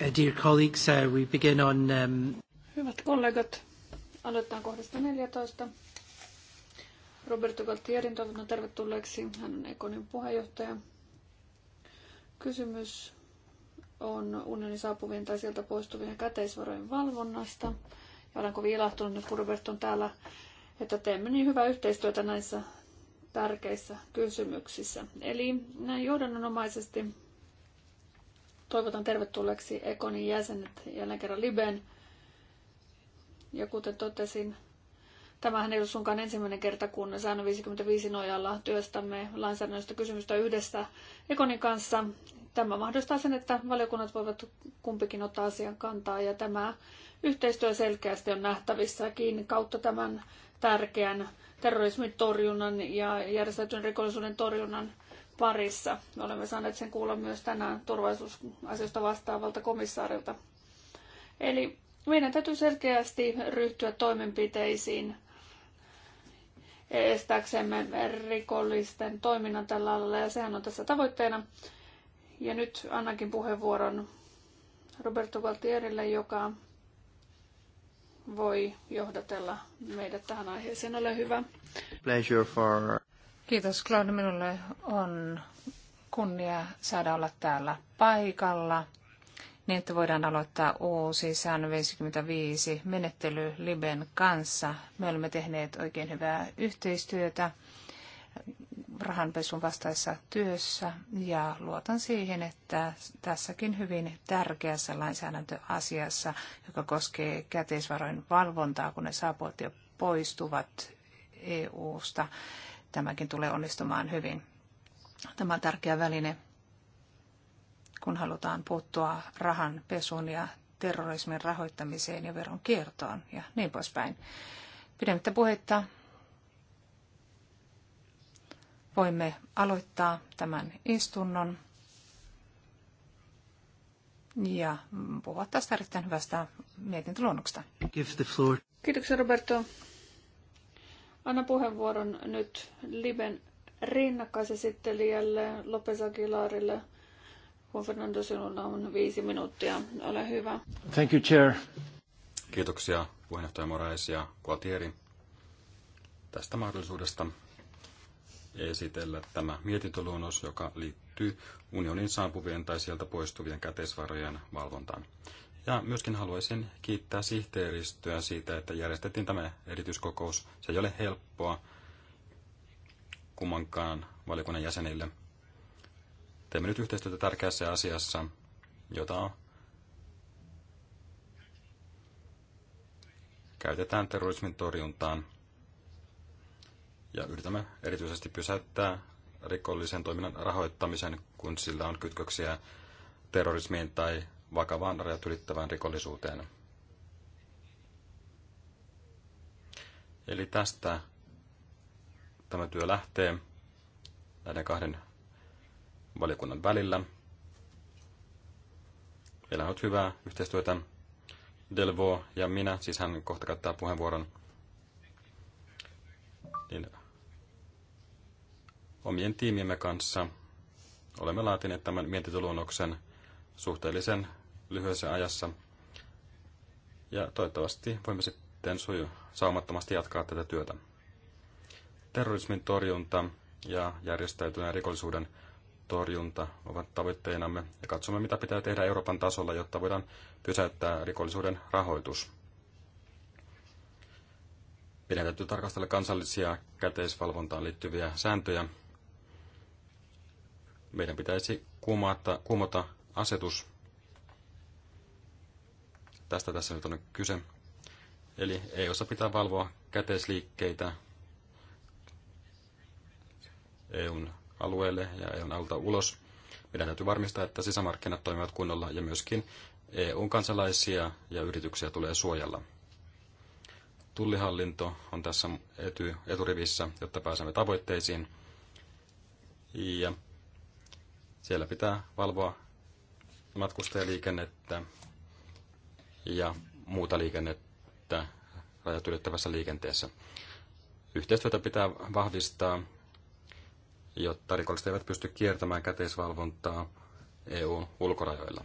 Uh, dear colleagues, uh, we begin on... Um, Hyvät kollegat, aloitetaan kohdasta 14. Roberto Galtierin toivotan tervetulleeksi. Hän on Ekonin puheenjohtaja. Kysymys on unionin saapuvien tai sieltä poistuvien käteisvarojen valvonnasta. Ja olen kovin ilahtunut, kun Roberto on täällä, että teemme niin hyvää yhteistyötä näissä tärkeissä kysymyksissä. Eli näin johdannonomaisesti Toivotan tervetulleeksi Ekonin jäsenet jälleen kerran Liben. Ja kuten totesin, tämähän ei ole sunkaan ensimmäinen kerta, kun säännön 55 nojalla työstämme lainsäädännöstä kysymystä yhdessä Ekonin kanssa. Tämä mahdollistaa sen, että valiokunnat voivat kumpikin ottaa asian kantaa ja tämä yhteistyö selkeästi on nähtävissäkin kautta tämän tärkeän terrorismin torjunnan ja järjestäytyneen rikollisuuden torjunnan parissa. Olemme saaneet sen kuulla myös tänään turvallisuusasioista vastaavalta komissaarilta. Eli meidän täytyy selkeästi ryhtyä toimenpiteisiin estääksemme rikollisten toiminnan tällä alalla, ja sehän on tässä tavoitteena. Ja nyt annankin puheenvuoron Roberto Valtierille, joka voi johdatella meidät tähän aiheeseen. Ole hyvä. Pleasure for... Kiitos Claude. Minulle on kunnia saada olla täällä paikalla niin, että voidaan aloittaa uusi säännö 55 menettely Liben kanssa. Me olemme tehneet oikein hyvää yhteistyötä rahanpesun vastaisessa työssä ja luotan siihen, että tässäkin hyvin tärkeässä lainsäädäntöasiassa, joka koskee käteisvarojen valvontaa, kun ne saapuvat ja poistuvat EU-sta, tämäkin tulee onnistumaan hyvin. Tämä on tärkeä väline, kun halutaan puuttua rahan pesuun ja terrorismin rahoittamiseen ja veron kiertoon ja niin poispäin. Pidemmittä puhetta voimme aloittaa tämän istunnon ja puhua tästä erittäin hyvästä mietintöluonnoksesta. Kiitoksia Roberto. Anna puheenvuoron nyt Liben rinnakkaisesittelijälle Lopez Aguilarille. Juan Fernando, sinulla on viisi minuuttia. Ole hyvä. Thank you, Chair. Kiitoksia puheenjohtaja Moraes ja Gualtieri tästä mahdollisuudesta esitellä tämä mietintöluonnos, joka liittyy unionin saapuvien tai sieltä poistuvien käteisvarojen valvontaan. Ja myöskin haluaisin kiittää sihteeristöä siitä, että järjestettiin tämä erityiskokous. Se ei ole helppoa kummankaan valiokunnan jäsenille. Teemme nyt yhteistyötä tärkeässä asiassa, jota käytetään terrorismin torjuntaan. Ja yritämme erityisesti pysäyttää rikollisen toiminnan rahoittamisen, kun sillä on kytköksiä terrorismiin tai vakavaan rajat ylittävään rikollisuuteen. Eli tästä tämä työ lähtee näiden kahden valiokunnan välillä. Meillä on ollut hyvää yhteistyötä. Delvo ja minä, siis hän kohta käyttää puheenvuoron, niin omien tiimiemme kanssa olemme laatineet tämän mietintöluonnoksen suhteellisen lyhyessä ajassa. Ja toivottavasti voimme sitten suju saumattomasti jatkaa tätä työtä. Terrorismin torjunta ja järjestäytyneen rikollisuuden torjunta ovat tavoitteinamme ja katsomme, mitä pitää tehdä Euroopan tasolla, jotta voidaan pysäyttää rikollisuuden rahoitus. Meidän täytyy tarkastella kansallisia käteisvalvontaan liittyviä sääntöjä. Meidän pitäisi kumota, kumota asetus, Tästä tässä nyt on kyse. Eli ei osa pitää valvoa käteisliikkeitä EUn alueelle ja EUn alta ulos. Meidän täytyy varmistaa, että sisämarkkinat toimivat kunnolla ja myöskin EUn kansalaisia ja yrityksiä tulee suojella. Tullihallinto on tässä ety, eturivissä, jotta pääsemme tavoitteisiin. Ja siellä pitää valvoa matkustajaliikennettä ja muuta liikennettä rajat ylittävässä liikenteessä. Yhteistyötä pitää vahvistaa, jotta rikolliset eivät pysty kiertämään käteisvalvontaa eu ulkorajoilla.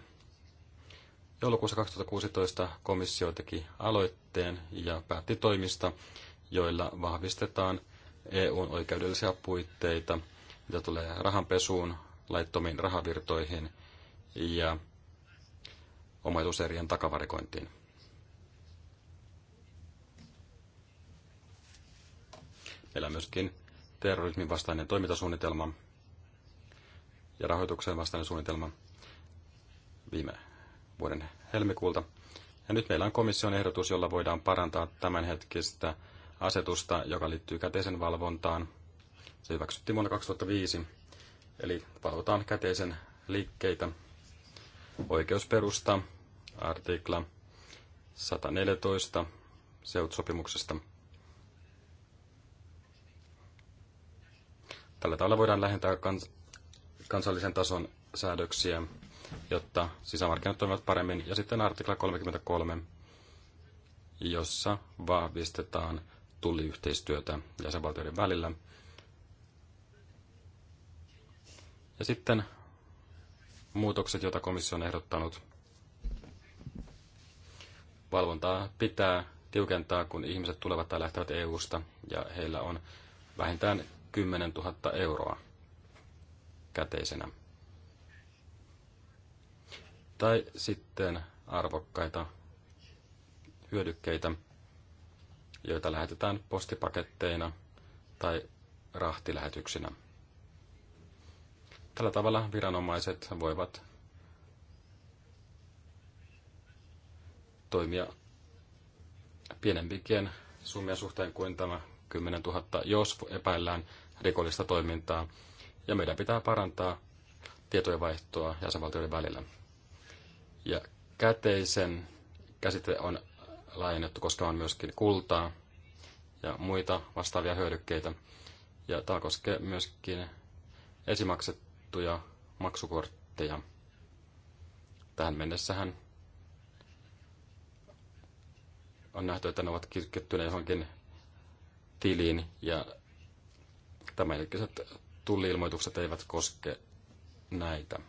Joulukuussa 2016 komissio teki aloitteen ja päätti toimista, joilla vahvistetaan EUn oikeudellisia puitteita, mitä tulee rahanpesuun, laittomiin rahavirtoihin ja omaisuuserien takavarikointiin. Meillä on myöskin terrorismin vastainen toimintasuunnitelma ja rahoituksen vastainen suunnitelma viime vuoden helmikuulta. Ja nyt meillä on komission ehdotus, jolla voidaan parantaa tämänhetkistä asetusta, joka liittyy käteisen valvontaan. Se hyväksyttiin vuonna 2005, eli valvotaan käteisen liikkeitä. Oikeusperusta artikla 114 SEUT-sopimuksesta. Tällä tavalla voidaan lähentää kans- kansallisen tason säädöksiä, jotta sisämarkkinat toimivat paremmin. Ja sitten artikla 33, jossa vahvistetaan tulliyhteistyötä jäsenvaltioiden välillä. Ja sitten muutokset, joita komissio on ehdottanut – Valvontaa pitää tiukentaa, kun ihmiset tulevat tai lähtevät EU-sta ja heillä on vähintään 10 000 euroa käteisenä. Tai sitten arvokkaita hyödykkeitä, joita lähetetään postipaketteina tai rahtilähetyksinä. Tällä tavalla viranomaiset voivat toimia pienempikien summien suhteen kuin tämä 10 000, jos epäillään rikollista toimintaa. Ja meidän pitää parantaa tietojenvaihtoa jäsenvaltioiden välillä. Ja käteisen käsite on laajennettu, koska on myöskin kultaa ja muita vastaavia hyödykkeitä. Ja tämä koskee myöskin esimaksettuja maksukortteja. Tähän mennessähän on nähty, että ne ovat kytkettyneet johonkin tiliin ja tämänhetkiset tulliilmoitukset eivät koske näitä.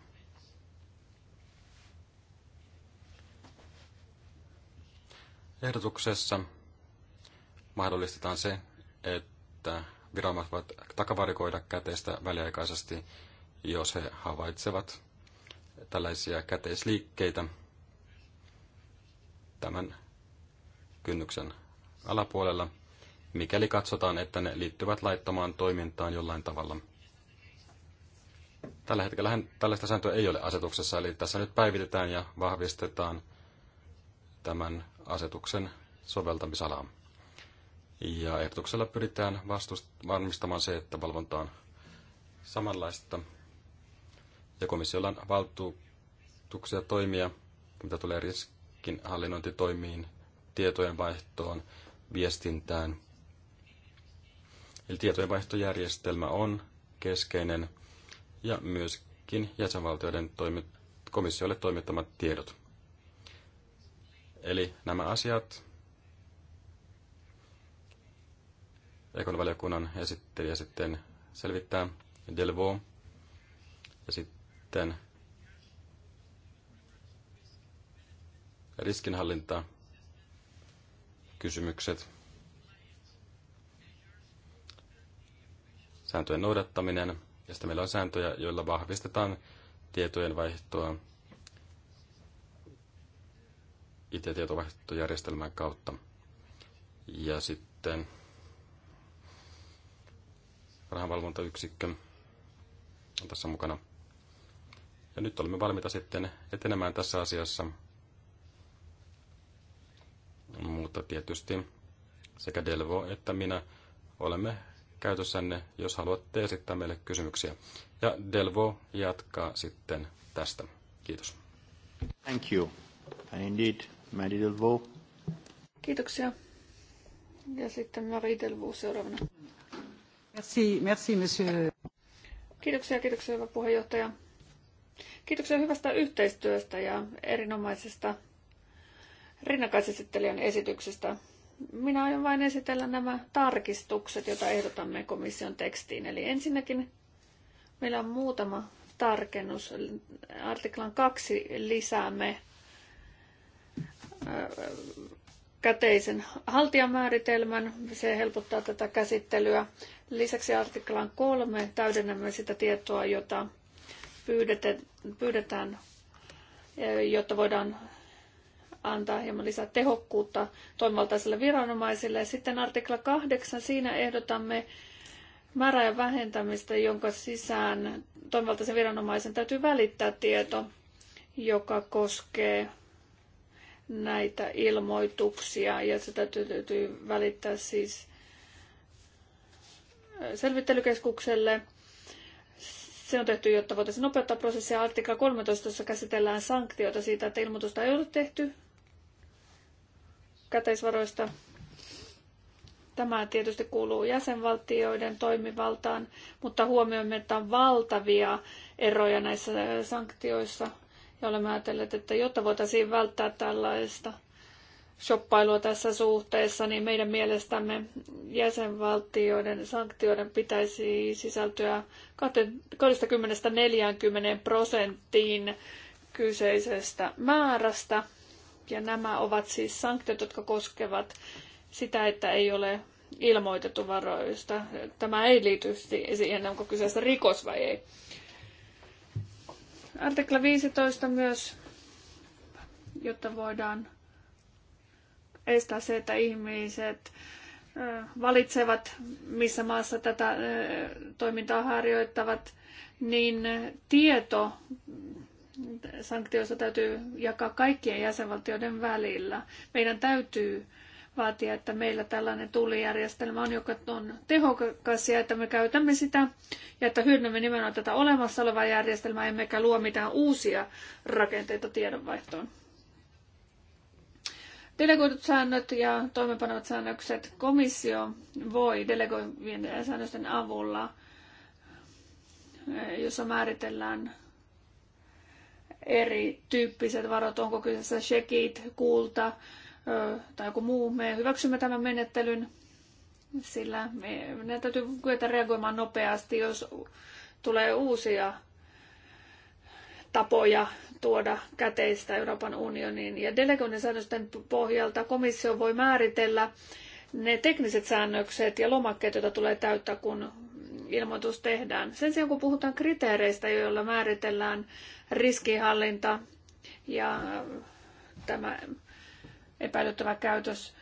Ehdotuksessa mahdollistetaan se, että viranomaiset voivat takavarikoida käteistä väliaikaisesti, jos he havaitsevat tällaisia käteisliikkeitä. Tämän kynnyksen alapuolella, mikäli katsotaan, että ne liittyvät laittomaan toimintaan jollain tavalla. Tällä hetkellä tällaista sääntöä ei ole asetuksessa, eli tässä nyt päivitetään ja vahvistetaan tämän asetuksen soveltamisalaa. Ja ehdotuksella pyritään vastust- varmistamaan se, että valvonta on samanlaista. Ja komissiolla on valtuutuksia toimia, mitä tulee riskinhallinnointitoimiin tietojenvaihtoon, viestintään. Eli tietojenvaihtojärjestelmä on keskeinen ja myöskin jäsenvaltioiden toimi- komissiolle toimittamat tiedot. Eli nämä asiat Ekon valiokunnan esittelijä sitten selvittää Delvo ja sitten riskinhallinta kysymykset, sääntöjen noudattaminen, ja sitten meillä on sääntöjä, joilla vahvistetaan tietojen vaihtoa IT-tietovaihtojärjestelmän kautta. Ja sitten rahanvalvontayksikkö on tässä mukana. Ja nyt olemme valmiita sitten etenemään tässä asiassa. mutta tietysti sekä Delvo että minä olemme käytössänne, jos haluatte esittää meille kysymyksiä. Ja Delvo jatkaa sitten tästä. Kiitos. Thank you. And indeed, Marie Delvo. Kiitoksia. Ja sitten Marie Delvo seuraavana. Merci, merci, monsieur. Kiitoksia, kiitoksia hyvä puheenjohtaja. Kiitoksia hyvästä yhteistyöstä ja erinomaisesta rinnakkaisesittelijän esityksestä. Minä aion vain esitellä nämä tarkistukset, joita ehdotamme komission tekstiin. Eli ensinnäkin meillä on muutama tarkennus. Artiklan kaksi lisäämme käteisen haltijamääritelmän. Se helpottaa tätä käsittelyä. Lisäksi artiklan kolme täydennämme sitä tietoa, jota pyydetään, jotta voidaan antaa hieman lisää tehokkuutta toimivaltaisille viranomaisille. sitten artikla 8, siinä ehdotamme määräajan vähentämistä, jonka sisään toimivaltaisen viranomaisen täytyy välittää tieto, joka koskee näitä ilmoituksia ja se täytyy, täytyy välittää siis selvittelykeskukselle. Se on tehty, jotta voitaisiin nopeuttaa prosessia. Artikla 13 käsitellään sanktioita siitä, että ilmoitusta ei ole tehty käteisvaroista. Tämä tietysti kuuluu jäsenvaltioiden toimivaltaan, mutta huomioimme, että on valtavia eroja näissä sanktioissa. Ja olemme ajatelleet, että jotta voitaisiin välttää tällaista shoppailua tässä suhteessa, niin meidän mielestämme jäsenvaltioiden sanktioiden pitäisi sisältyä 20-40 prosenttiin kyseisestä määrästä – ja nämä ovat siis sanktiot, jotka koskevat sitä, että ei ole ilmoitettu varoista. Tämä ei liity siihen, onko kyseessä rikos vai ei. Artikla 15 myös, jotta voidaan estää se, että ihmiset valitsevat, missä maassa tätä toimintaa harjoittavat, niin tieto sanktioissa täytyy jakaa kaikkien jäsenvaltioiden välillä. Meidän täytyy vaatia, että meillä tällainen tullijärjestelmä on, joka on tehokas ja että me käytämme sitä ja että hyödynnämme nimenomaan tätä olemassa olevaa järjestelmää, emmekä luo mitään uusia rakenteita tiedonvaihtoon. Delegoidut säännöt ja toimeenpanevat säännökset komissio voi delegoivien säännösten avulla, jossa määritellään erityyppiset varat, onko kyseessä shekit, kulta tai joku muu. Me hyväksymme tämän menettelyn, sillä meidän täytyy kyetä reagoimaan nopeasti, jos tulee uusia tapoja tuoda käteistä Euroopan unioniin. Ja delegoinnin säännösten pohjalta komissio voi määritellä ne tekniset säännökset ja lomakkeet, joita tulee täyttää, kun ilmoitus tehdään. Sen sijaan kun puhutaan kriteereistä, joilla määritellään riskihallinta ja tämä epäilyttävä käytös,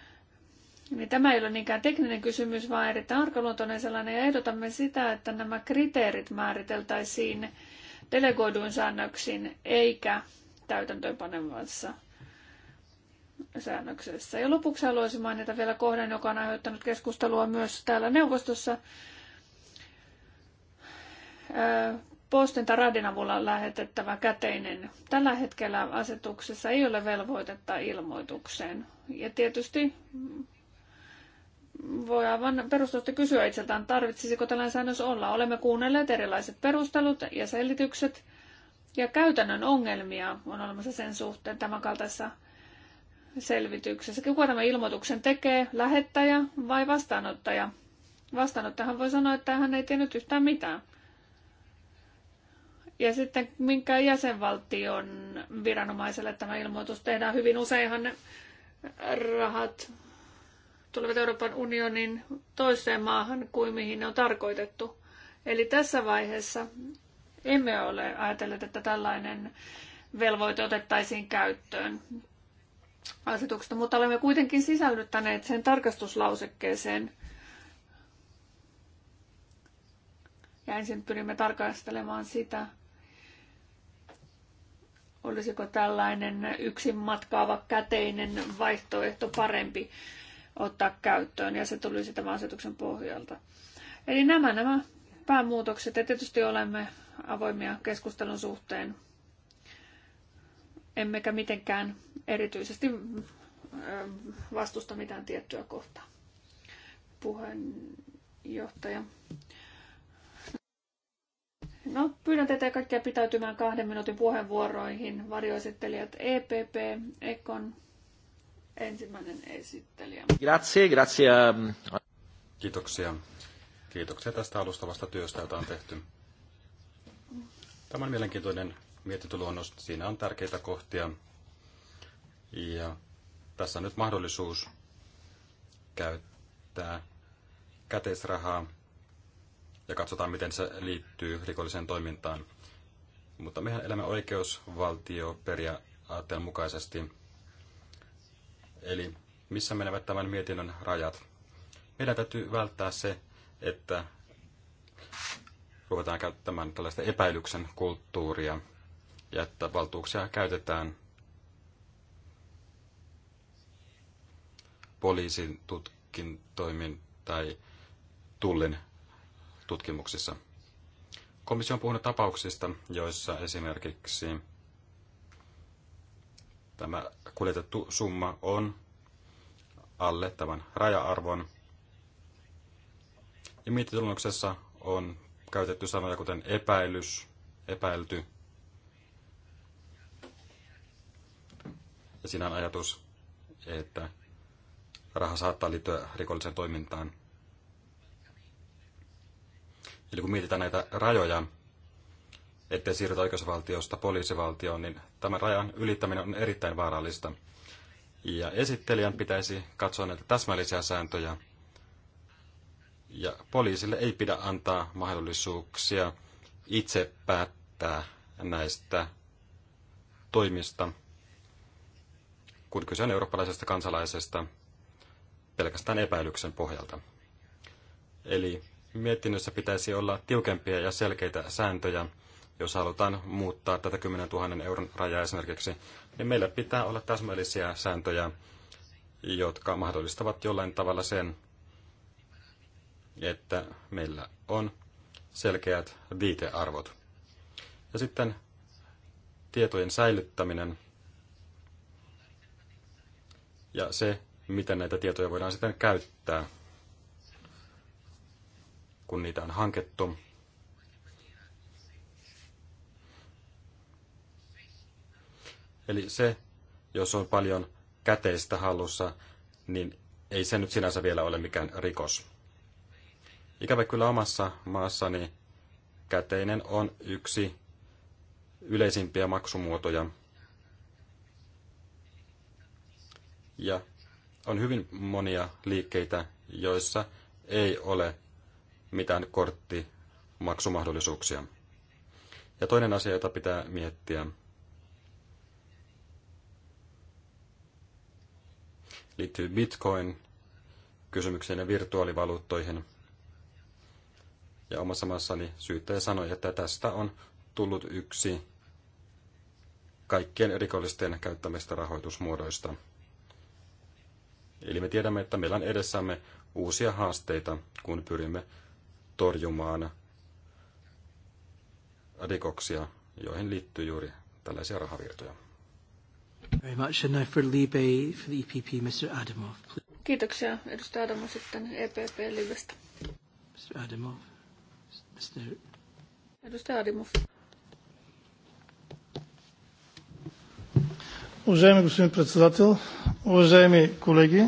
niin tämä ei ole niinkään tekninen kysymys, vaan erittäin arkaluontoinen sellainen. Ja ehdotamme sitä, että nämä kriteerit määriteltäisiin delegoiduin säännöksin eikä täytäntöönpanevassa säännöksessä. Ja lopuksi haluaisin mainita vielä kohdan, joka on aiheuttanut keskustelua myös täällä neuvostossa, postin tai radin avulla lähetettävä käteinen. Tällä hetkellä asetuksessa ei ole velvoitetta ilmoitukseen. Ja tietysti voi aivan perustelusta kysyä itseltään, tarvitsisiko tällainen säännös olla. Olemme kuunnelleet erilaiset perustelut ja selitykset ja käytännön ongelmia on olemassa sen suhteen tämän kaltaisessa selvityksessä. Kuka tämän ilmoituksen tekee, lähettäjä vai vastaanottaja? Vastaanottajahan voi sanoa, että hän ei tiennyt yhtään mitään. Ja sitten minkä jäsenvaltion viranomaiselle tämä ilmoitus tehdään. Hyvin useinhan ne rahat tulevat Euroopan unionin toiseen maahan kuin mihin ne on tarkoitettu. Eli tässä vaiheessa emme ole ajatelleet, että tällainen velvoite otettaisiin käyttöön asetuksesta, mutta olemme kuitenkin sisällyttäneet sen tarkastuslausekkeeseen. Ja ensin pyrimme tarkastelemaan sitä, Olisiko tällainen yksin matkaava käteinen vaihtoehto parempi ottaa käyttöön ja se tulisi tämän asetuksen pohjalta. Eli nämä, nämä päämuutokset ja tietysti olemme avoimia keskustelun suhteen, emmekä mitenkään erityisesti vastusta mitään tiettyä kohtaa. Puheenjohtaja. No, pyydän teitä kaikkia pitäytymään kahden minuutin puheenvuoroihin. Varjoesittelijät EPP, Ekon ensimmäinen esittelijä. Grazie, grazie. Ähm, Kiitoksia. Kiitoksia tästä alustavasta työstä, jota on tehty. Tämä on mielenkiintoinen mietintöluonnos. Siinä on tärkeitä kohtia. Ja tässä on nyt mahdollisuus käyttää käteisrahaa ja katsotaan, miten se liittyy rikolliseen toimintaan. Mutta mehän elämme oikeusvaltioperiaatteen mukaisesti. Eli missä menevät tämän mietinnön rajat? Meidän täytyy välttää se, että ruvetaan käyttämään tällaista epäilyksen kulttuuria ja että valtuuksia käytetään poliisin tutkintoimin tai tullin tutkimuksissa. Komissio on puhunut tapauksista, joissa esimerkiksi tämä kuljetettu summa on alle tämän raja-arvon. Ja mietintöluonnoksessa on käytetty sanoja kuten epäilys, epäilty. Ja siinä on ajatus, että raha saattaa liittyä rikolliseen toimintaan – Eli kun mietitään näitä rajoja, ettei siirrytä oikeusvaltiosta poliisivaltioon, niin tämän rajan ylittäminen on erittäin vaarallista. Ja esittelijän pitäisi katsoa näitä täsmällisiä sääntöjä. Ja poliisille ei pidä antaa mahdollisuuksia itse päättää näistä toimista, kun kyse on eurooppalaisesta kansalaisesta pelkästään epäilyksen pohjalta. Eli mietinnössä pitäisi olla tiukempia ja selkeitä sääntöjä, jos halutaan muuttaa tätä 10 000 euron rajaa esimerkiksi, niin meillä pitää olla täsmällisiä sääntöjä, jotka mahdollistavat jollain tavalla sen, että meillä on selkeät viitearvot. Ja sitten tietojen säilyttäminen ja se, miten näitä tietoja voidaan sitten käyttää kun niitä on hankettu. Eli se, jos on paljon käteistä hallussa, niin ei se nyt sinänsä vielä ole mikään rikos. Ikävä kyllä omassa maassani käteinen on yksi yleisimpiä maksumuotoja. Ja on hyvin monia liikkeitä, joissa ei ole mitään korttimaksumahdollisuuksia. Ja toinen asia, jota pitää miettiä, liittyy Bitcoin-kysymykseen ja virtuaalivaluuttoihin. Ja omassa maassani syyttäjä sanoi, että tästä on tullut yksi kaikkien erikollisten käyttämistä rahoitusmuodoista. Eli me tiedämme, että meillä on edessämme uusia haasteita, kun pyrimme torjumaan rikoksia, joihin liittyy juuri tällaisia rahavirtoja. Very much. And now for Libe, for the EPP, Mr. Adamov. Kiitoksia, edustaja Adamov sitten EPP Libestä. Mr. Adamov. Mr. Edustaja Adamov. Уважаеми господин председател, уважаеми колеги,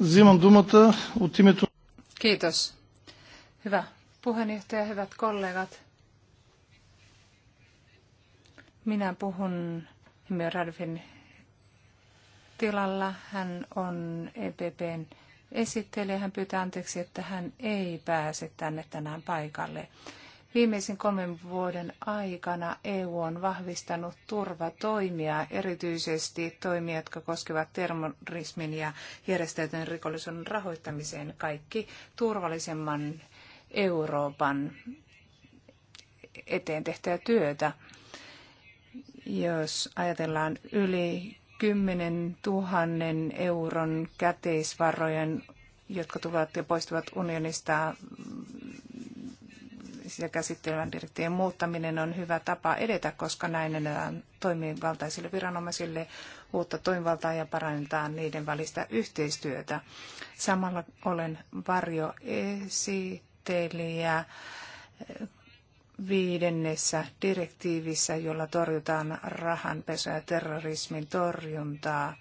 взимам думата от името... Kiitos, Hyvä puheenjohtaja, hyvät kollegat. Minä puhun Himmi Radvin tilalla. Hän on EPPn esittelijä. Hän pyytää anteeksi, että hän ei pääse tänne tänään paikalle. Viimeisen kolmen vuoden aikana EU on vahvistanut turvatoimia, erityisesti toimia, jotka koskevat terrorismin ja järjestäytyneen rikollisuuden rahoittamiseen. Kaikki turvallisemman Euroopan eteen tehtyä työtä. Jos ajatellaan yli 10 000 euron käteisvarojen, jotka tulevat ja poistuvat unionista, sitä käsittelevän direktiivin muuttaminen on hyvä tapa edetä, koska näin edetään toimivaltaisille viranomaisille uutta toimivaltaa ja parannetaan niiden välistä yhteistyötä. Samalla olen varjo esi esittelijä viidennessä direktiivissä, jolla torjutaan rahanpesua ja terrorismin torjuntaa.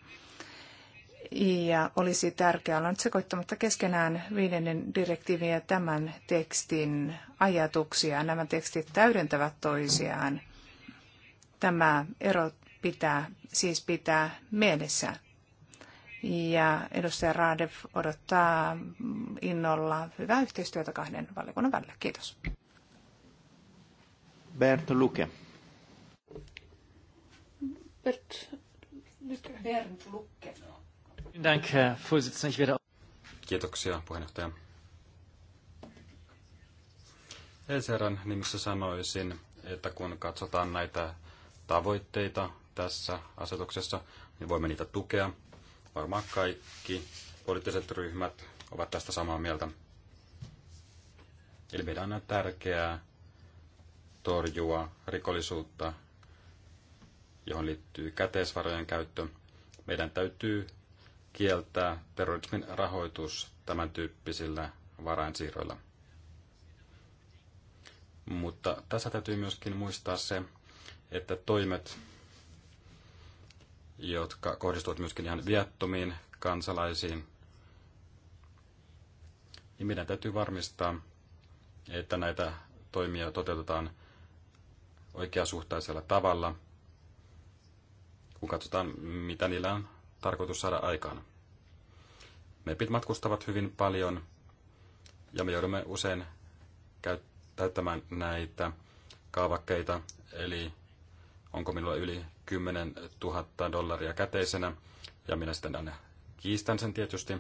Ja olisi tärkeää olla nyt sekoittamatta keskenään viidennen direktiivin ja tämän tekstin ajatuksia. Nämä tekstit täydentävät toisiaan. Tämä ero pitää siis pitää mielessä ja edustaja Raadev odottaa innolla hyvää yhteistyötä kahden valiokunnan välillä. Kiitos. Bert Luke. Bert Luke. Luke. Dank, Herr Kiitoksia, puheenjohtaja. Elseran nimissä sanoisin, että kun katsotaan näitä tavoitteita tässä asetuksessa, niin voimme niitä tukea – Varmaan kaikki poliittiset ryhmät ovat tästä samaa mieltä. Eli meidän on tärkeää torjua rikollisuutta, johon liittyy käteisvarojen käyttö. Meidän täytyy kieltää terrorismin rahoitus tämän tyyppisillä varainsiirroilla. Mutta tässä täytyy myöskin muistaa se, että toimet, jotka kohdistuvat myöskin ihan viattomiin kansalaisiin. niin meidän täytyy varmistaa, että näitä toimia toteutetaan oikeasuhtaisella tavalla, kun katsotaan, mitä niillä on tarkoitus saada aikaan. Mepit matkustavat hyvin paljon ja me joudumme usein täyttämään näitä kaavakkeita, eli onko minulla yli 10 000 dollaria käteisenä, ja minä sitten aina kiistän sen tietysti,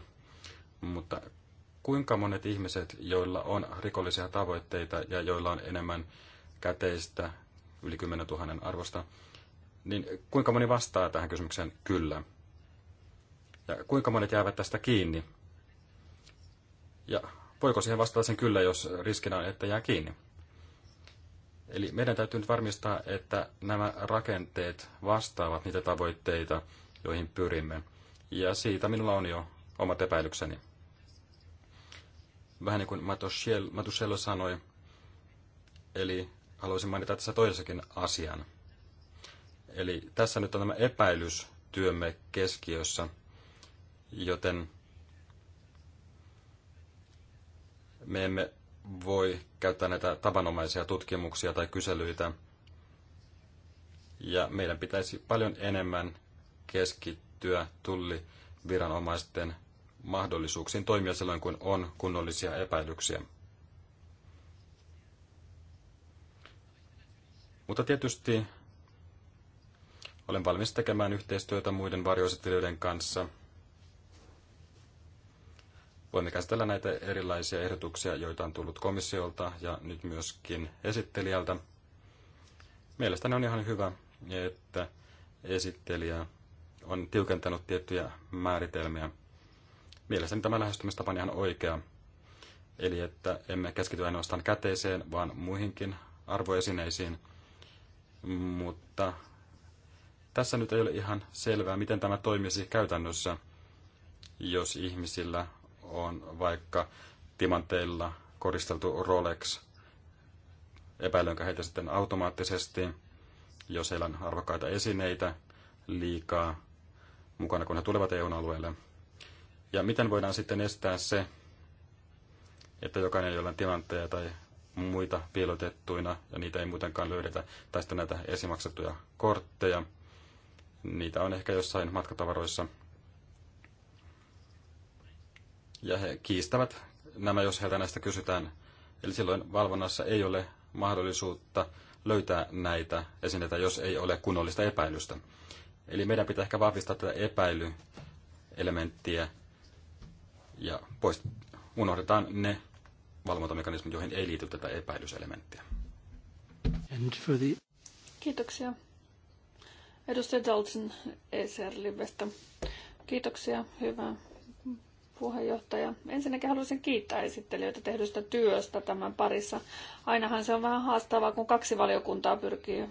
mutta kuinka monet ihmiset, joilla on rikollisia tavoitteita ja joilla on enemmän käteistä yli 10 000 arvosta, niin kuinka moni vastaa tähän kysymykseen kyllä? Ja kuinka monet jäävät tästä kiinni? Ja voiko siihen vastata sen kyllä, jos riskinä on, että jää kiinni? Eli meidän täytyy nyt varmistaa, että nämä rakenteet vastaavat niitä tavoitteita, joihin pyrimme. Ja siitä minulla on jo omat epäilykseni. Vähän niin kuin Matusello sanoi, eli haluaisin mainita tässä toisessakin asian. Eli tässä nyt on tämä epäilys työmme keskiössä, joten me emme voi käyttää näitä tavanomaisia tutkimuksia tai kyselyitä. Ja meidän pitäisi paljon enemmän keskittyä tulliviranomaisten mahdollisuuksiin toimia silloin, kun on kunnollisia epäilyksiä. Mutta tietysti olen valmis tekemään yhteistyötä muiden varjoesittelijöiden kanssa – voimme käsitellä näitä erilaisia ehdotuksia, joita on tullut komissiolta ja nyt myöskin esittelijältä. Mielestäni on ihan hyvä, että esittelijä on tiukentanut tiettyjä määritelmiä. Mielestäni tämä lähestymistapa on ihan oikea. Eli että emme keskity ainoastaan käteiseen, vaan muihinkin arvoesineisiin. Mutta tässä nyt ei ole ihan selvää, miten tämä toimisi käytännössä, jos ihmisillä on vaikka timanteilla koristeltu Rolex. Epäilönkö heitä sitten automaattisesti, jos heillä on arvokkaita esineitä liikaa mukana, kun he tulevat EU-alueelle? Ja miten voidaan sitten estää se, että jokainen, jolla on timantteja tai muita piilotettuina, ja niitä ei muutenkaan löydetä, tai sitten näitä esimaksettuja kortteja, niitä on ehkä jossain matkatavaroissa – ja he kiistävät nämä, jos heiltä näistä kysytään. Eli silloin valvonnassa ei ole mahdollisuutta löytää näitä esineitä, jos ei ole kunnollista epäilystä. Eli meidän pitää ehkä vahvistaa tätä epäilyelementtiä ja pois unohdetaan ne valvontamekanismit, joihin ei liity tätä epäilyselementtiä. And for the... Kiitoksia. Edustaja Dalton ECR livestä Kiitoksia, hyvää puheenjohtaja. Ensinnäkin haluaisin kiittää esittelijöitä tehdystä työstä tämän parissa. Ainahan se on vähän haastavaa, kun kaksi valiokuntaa pyrkii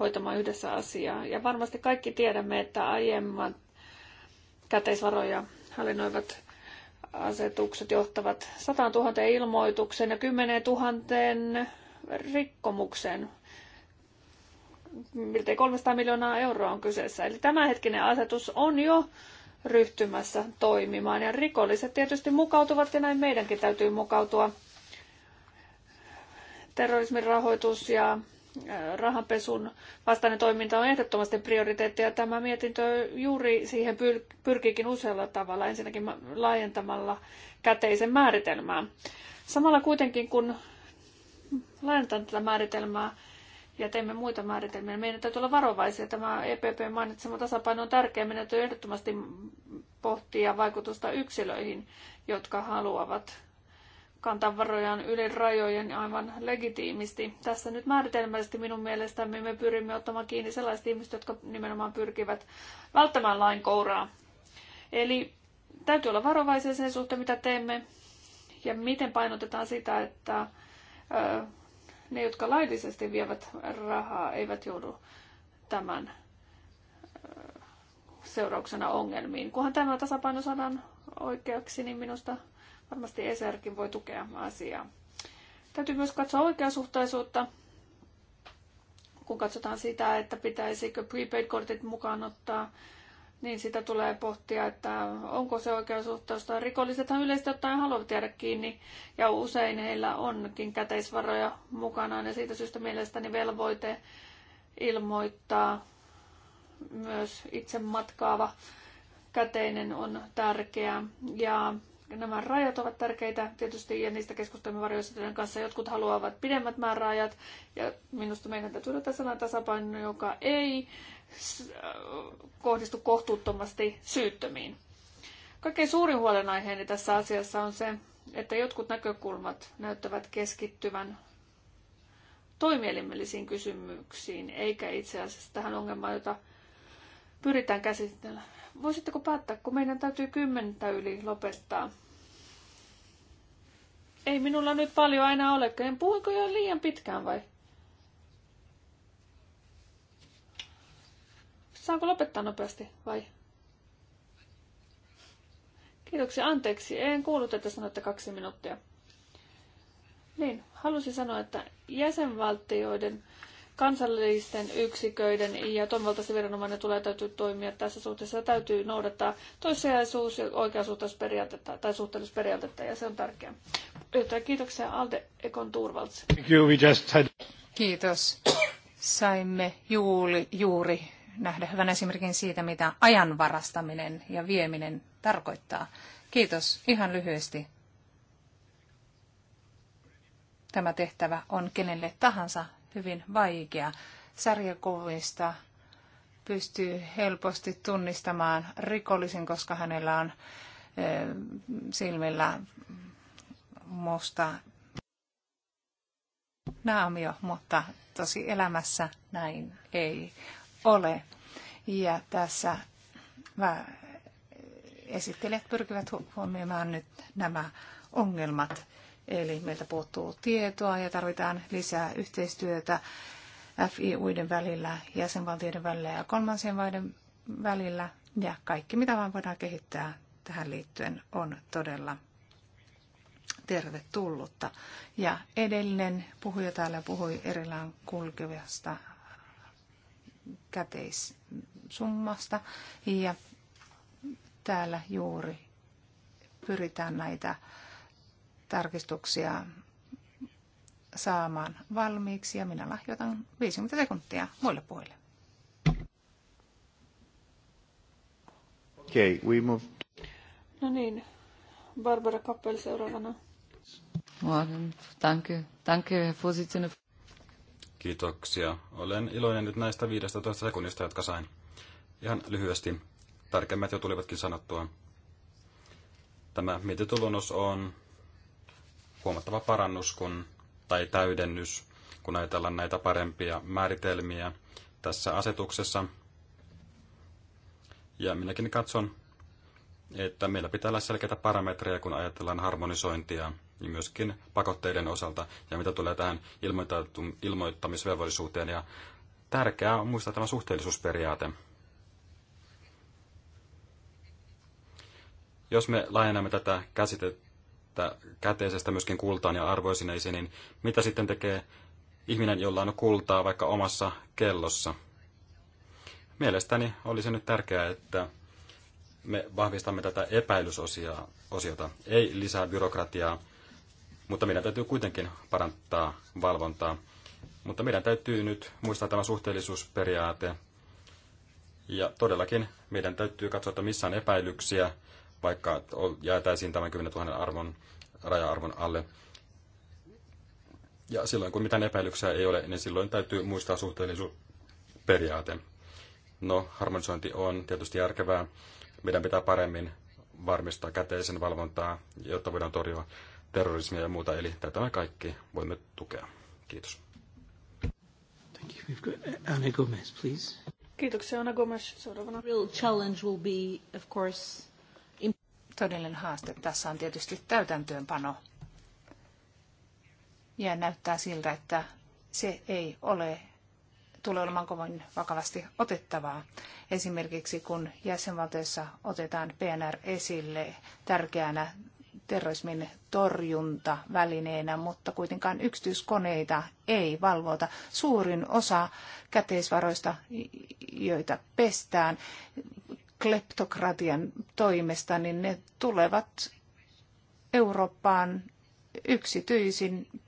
hoitamaan yhdessä asiaa. Ja varmasti kaikki tiedämme, että aiemmat käteisvaroja hallinnoivat asetukset johtavat 100 000 ilmoituksen ja 10 000 rikkomukseen. Miltei 300 miljoonaa euroa on kyseessä. Eli tämänhetkinen asetus on jo ryhtymässä toimimaan. Ja rikolliset tietysti mukautuvat ja näin meidänkin täytyy mukautua. Terrorismin rahoitus ja rahanpesun vastainen toiminta on ehdottomasti prioriteetti ja tämä mietintö juuri siihen pyrkiikin usealla tavalla, ensinnäkin laajentamalla käteisen määritelmää. Samalla kuitenkin kun laajentan tätä määritelmää, ja teemme muita määritelmiä. Meidän täytyy olla varovaisia. Tämä EPP mainitsema tasapaino on tärkeä. Meidän täytyy ehdottomasti pohtia vaikutusta yksilöihin, jotka haluavat kantaa varojaan yli rajojen aivan legitiimisti. Tässä nyt määritelmällisesti minun mielestäni me pyrimme ottamaan kiinni sellaiset ihmiset, jotka nimenomaan pyrkivät välttämään lain kouraa. Eli täytyy olla varovaisia sen suhteen, mitä teemme ja miten painotetaan sitä, että ne, jotka laillisesti vievät rahaa, eivät joudu tämän seurauksena ongelmiin. Kunhan tämä tasapaino saadaan oikeaksi, niin minusta varmasti ESRkin voi tukea asiaa. Täytyy myös katsoa oikeasuhtaisuutta, kun katsotaan sitä, että pitäisikö prepaid-kortit mukaan ottaa niin sitä tulee pohtia, että onko se oikeasuhtaista. Rikollisethan yleisesti ottaen haluavat jäädä kiinni ja usein heillä onkin käteisvaroja mukanaan ja siitä syystä mielestäni velvoite ilmoittaa myös itse matkaava käteinen on tärkeä ja Nämä rajat ovat tärkeitä tietysti ja niistä keskustelemme varjoesittelijän kanssa. Jotkut haluavat pidemmät määräajat ja minusta meidän täytyy olla sellainen tasapaino, joka ei äh, kohdistu kohtuuttomasti syyttömiin. Kaikkein suurin huolenaiheeni tässä asiassa on se, että jotkut näkökulmat näyttävät keskittyvän toimielimellisiin kysymyksiin, eikä itse asiassa tähän ongelmaan, jota pyritään käsittelemään. Voisitteko päättää, kun meidän täytyy kymmentä yli lopettaa? Ei minulla nyt paljon aina ole. En puhuinko jo liian pitkään vai? Saanko lopettaa nopeasti vai? Kiitoksia, anteeksi. En kuullut, että sanoitte kaksi minuuttia. Niin, halusin sanoa, että jäsenvaltioiden kansallisten yksiköiden ja toimivaltaisten viranomainen tulee täytyy toimia tässä suhteessa. Täytyy noudattaa toissijaisuus- ja oikeasuhteellisuusperiaatetta tai suhteellisuusperiaatetta ja se on tärkeää. Joten kiitoksia Alde Ekon Turvalts. Kiitos. Saimme juuri, juuri nähdä hyvän esimerkin siitä, mitä ajan varastaminen ja vieminen tarkoittaa. Kiitos. Ihan lyhyesti tämä tehtävä on kenelle tahansa hyvin vaikea. Sarjakuvista pystyy helposti tunnistamaan rikollisen, koska hänellä on silmillä musta naamio, mutta tosi elämässä näin ei ole. Ja tässä mä esittelijät pyrkivät huomioimaan nyt nämä ongelmat Eli meiltä puuttuu tietoa ja tarvitaan lisää yhteistyötä FIUiden välillä, jäsenvaltioiden välillä ja kolmansien maiden välillä. Ja kaikki, mitä vaan voidaan kehittää tähän liittyen, on todella tervetullutta. Ja edellinen puhuja täällä puhui erillään kulkevasta käteissummasta. Ja täällä juuri pyritään näitä tarkistuksia saamaan valmiiksi ja minä lahjoitan 50 sekuntia muille puhujille. Okay, we move. No niin, Barbara Kappel seuraavana. Kiitoksia. Olen iloinen nyt näistä 15 sekunnista, jotka sain. Ihan lyhyesti. Tärkeimmät jo tulivatkin sanottua. Tämä mietintöluonnos on huomattava parannus kun, tai täydennys, kun ajatellaan näitä parempia määritelmiä tässä asetuksessa. Ja minäkin katson, että meillä pitää olla selkeitä parametreja, kun ajatellaan harmonisointia ja niin myöskin pakotteiden osalta ja mitä tulee tähän ilmoittamisvelvollisuuteen. Ja tärkeää on muistaa tämä suhteellisuusperiaate. Jos me laajennamme tätä käsitettä tästä käteisestä myöskin kultaan ja arvoisineisiin, niin mitä sitten tekee ihminen, jolla on kultaa vaikka omassa kellossa? Mielestäni olisi nyt tärkeää, että me vahvistamme tätä epäilysosiota, ei lisää byrokratiaa, mutta meidän täytyy kuitenkin parantaa valvontaa. Mutta meidän täytyy nyt muistaa tämä suhteellisuusperiaate. Ja todellakin meidän täytyy katsoa, että missä on epäilyksiä vaikka jäätäisiin tämän 10 000 arvon, raja-arvon alle. Ja silloin, kun mitään epäilyksiä ei ole, niin silloin täytyy muistaa suhteellisuusperiaate. No, harmonisointi on tietysti järkevää. Meidän pitää paremmin varmistaa käteisen valvontaa, jotta voidaan torjua terrorismia ja muuta. Eli tätä me kaikki voimme tukea. Kiitos. Thank you. We've got Anna Gomez, please. Kiitoksia, Anna Gomes. Seuraavana. Real challenge will be, of course, todellinen haaste tässä on tietysti täytäntöönpano. Ja näyttää siltä, että se ei ole tule olemaan kovin vakavasti otettavaa. Esimerkiksi kun jäsenvaltioissa otetaan PNR esille tärkeänä terrorismin torjunta välineenä, mutta kuitenkaan yksityiskoneita ei valvota. Suurin osa käteisvaroista, joita pestään, kleptokratian toimesta, niin ne tulevat Eurooppaan yksityisin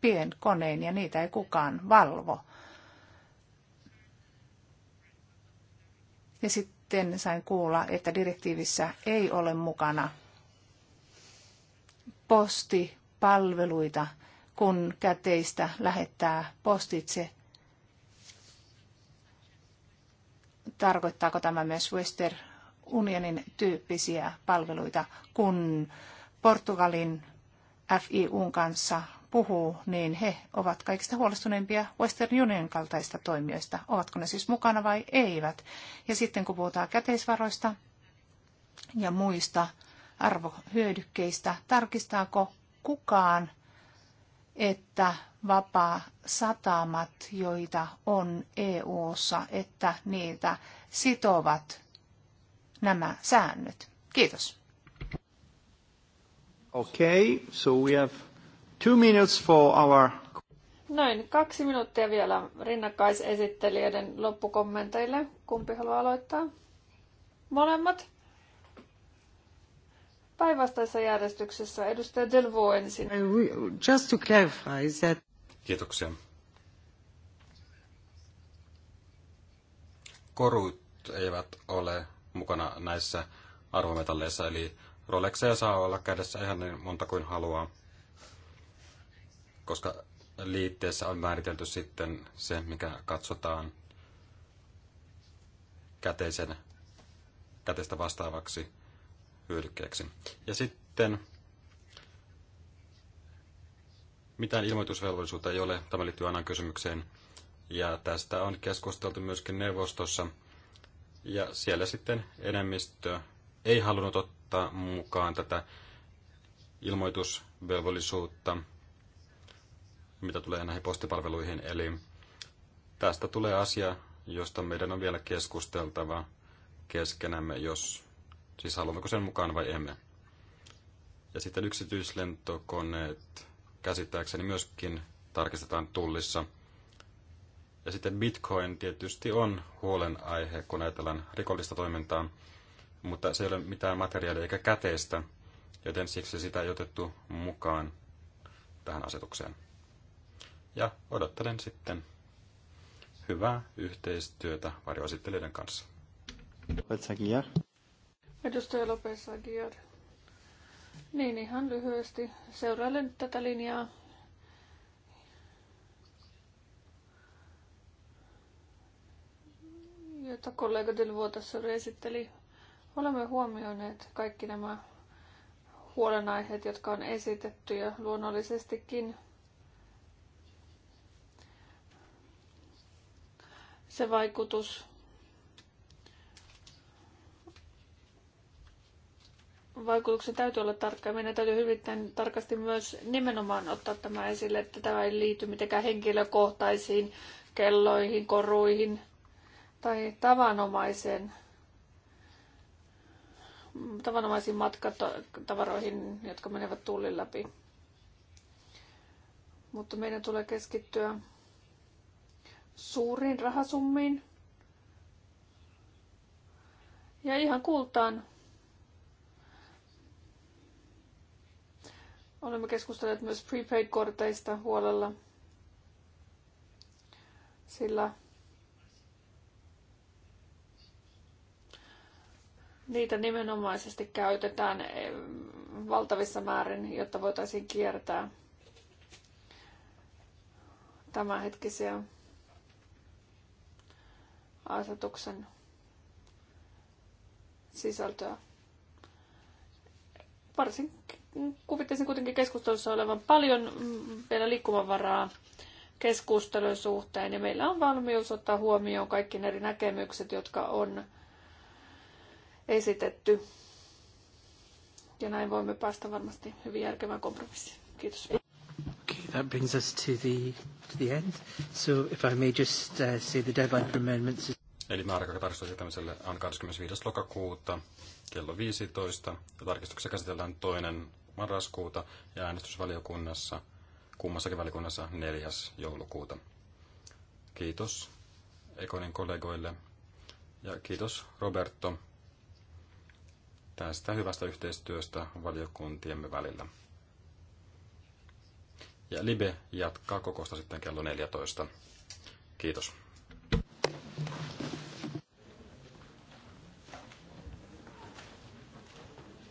pienkonein ja niitä ei kukaan valvo. Ja sitten sain kuulla, että direktiivissä ei ole mukana postipalveluita, kun käteistä lähettää postitse tarkoittaako tämä myös Western Unionin tyyppisiä palveluita, kun Portugalin FIUn kanssa puhuu, niin he ovat kaikista huolestuneimpia Western Union kaltaista toimijoista. Ovatko ne siis mukana vai eivät? Ja sitten kun puhutaan käteisvaroista ja muista arvohyödykkeistä, tarkistaako kukaan, että vapaa satamat, joita on EU:ssa, että niitä sitovat nämä säännöt. Kiitos. Okay, so we have two minutes for our... Noin, kaksi minuuttia vielä rinnakkaisesittelijöiden loppukommenteille. Kumpi haluaa aloittaa? Molemmat? Päinvastaisessa järjestyksessä edustaja Delvaux ensin. Just to clarify that... Kiitoksia. Korut eivät ole mukana näissä arvometalleissa, eli Rolexia saa olla kädessä ihan niin monta kuin haluaa, koska liitteessä on määritelty sitten se, mikä katsotaan käteisen, käteistä vastaavaksi hyödykkeeksi. Ja sitten mitään ilmoitusvelvollisuutta ei ole, tämä liittyy aina kysymykseen. Ja tästä on keskusteltu myöskin neuvostossa. Ja siellä sitten enemmistö ei halunnut ottaa mukaan tätä ilmoitusvelvollisuutta, mitä tulee näihin postipalveluihin. Eli tästä tulee asia, josta meidän on vielä keskusteltava keskenämme, jos siis haluammeko sen mukaan vai emme. Ja sitten yksityislentokoneet käsittääkseni myöskin tarkistetaan tullissa. Ja sitten bitcoin tietysti on huolenaihe, kun ajatellaan rikollista toimintaa, mutta se ei ole mitään materiaalia eikä käteistä, joten siksi sitä ei otettu mukaan tähän asetukseen. Ja odottelen sitten hyvää yhteistyötä varjoesittelijöiden kanssa. Edustaja Lopez Aguiar. Niin, ihan lyhyesti. Seuraile nyt tätä linjaa. jota kollega Delvo esitteli. Olemme huomioineet kaikki nämä huolenaiheet, jotka on esitetty ja luonnollisestikin se vaikutus, vaikutuksen täytyy olla tarkka. Meidän täytyy hyvittäin tarkasti myös nimenomaan ottaa tämä esille, että tämä ei liity mitenkään henkilökohtaisiin kelloihin, koruihin tai tavanomaiseen tavanomaisiin matkatavaroihin, jotka menevät tullin läpi. Mutta meidän tulee keskittyä suuriin rahasummiin ja ihan kultaan Olemme keskustelleet myös prepaid-korteista huolella, sillä niitä nimenomaisesti käytetään eh, valtavissa määrin, jotta voitaisiin kiertää tämänhetkisiä asetuksen sisältöä varsin kuvittaisin kuitenkin keskustelussa olevan paljon mm, vielä liikkumavaraa keskustelun suhteen ja meillä on valmius ottaa huomioon kaikki eri näkemykset, jotka on esitetty. Ja näin voimme päästä varmasti hyvin järkevään kompromissiin. Kiitos. Okay, that brings us to the, to the end. So if I may just uh, say the deadline for amendments is... Eli määräaika tarkistusjätämiselle on 25. lokakuuta kello 15 ja tarkistuksessa käsitellään toinen marraskuuta ja äänestysvaliokunnassa kummassakin valiokunnassa 4. joulukuuta. Kiitos Ekonin kollegoille ja kiitos Roberto tästä hyvästä yhteistyöstä valiokuntiemme välillä. Ja Libe jatkaa kokosta sitten kello 14. Kiitos.